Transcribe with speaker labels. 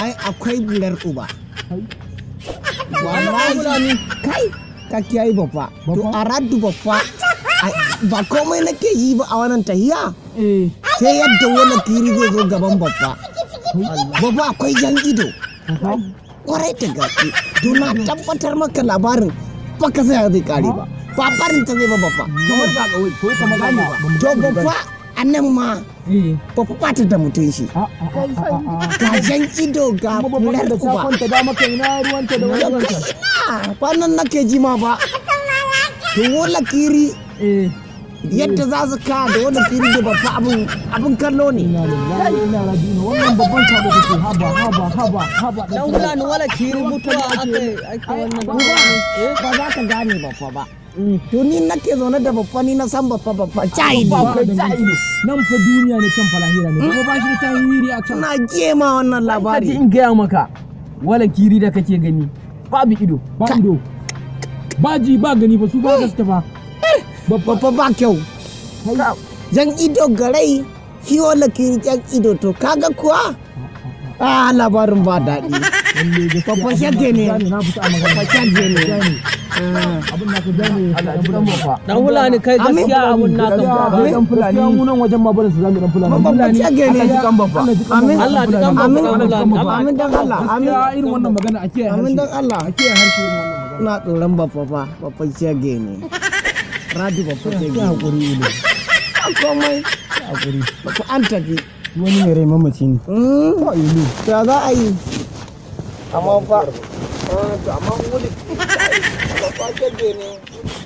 Speaker 1: ai akwai bular uba wallahi kai ka kiyaye babba to aradu babba ba komai nake yi ba a wannan tahiya eh. sai yadda wannan kiri zai zo gaban babba babba akwai jan ido kwarai ta gaske to na tabbatar maka labarin baka sai zai kare ba ba barin ta zai ba babba to babba nan ma eh. ba fa da mutun shi ah, ah, ah, ga jan ido ga fular kuba kwanan nake ji ma ba tuwo lakiri eh. yadda za su ka da wani fili da babba abin kallo ne. Wannan babban kuke haba haba haba haba. Dan wala kiri mutuwa ake wannan. Eh, ba za ka gane babba ba. tuni ni nake zaune da babba ni na san babba babba chai ba ko chai nan fa duniya ne can falahira ne kuma ba shi ta hiri a can na gema wannan labari kaji in gaya maka wala kiri da kake gani babu ido ba ido ba ji ba gani ba su ba gaske ba babba ba kyau jan ido garai hiyo la kiri jan ido to kaga kuwa a ah, labarin ba daɗi kwakwashagge ne kwakwashagge ne abin dan fulani kai gaskiya abin na ka gane dan fulani mu nan wajen ma barin su zamu dan fulani kwakwashagge Ka Allah ji kan bafa amin Allah ji kan bafa amin dan Allah amin irin wannan magana ake amin dan Allah ake harshe irin wannan magana ina tsoron bafa fa kwakwashagge ne radi kwakwashagge ne hakuri ne komai hakuri an tafi wani mai rai mamaci ne hmm? ko ilu ya za a yi mau pak, Ah, mau mo apa aja gini.